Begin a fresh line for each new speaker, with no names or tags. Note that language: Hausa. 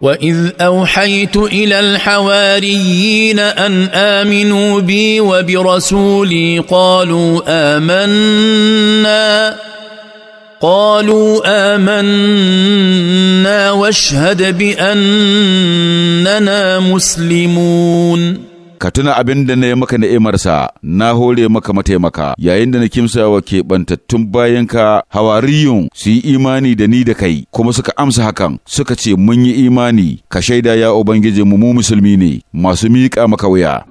واذ اوحيت الى الحواريين ان امنوا بي وبرسولي قالوا امنا قالوا امنا واشهد باننا مسلمون ka tuna abin da na
yi maka ni'imarsa na hore maka mataimaka yayin da na Kimsa wa kimsawa keɓantattun ka hawariyun su yi imani da ni da kai kuma suka amsa hakan suka ce mun yi imani ka shaida ya ubangijinmu mu musulmi ne masu miƙa maka wuya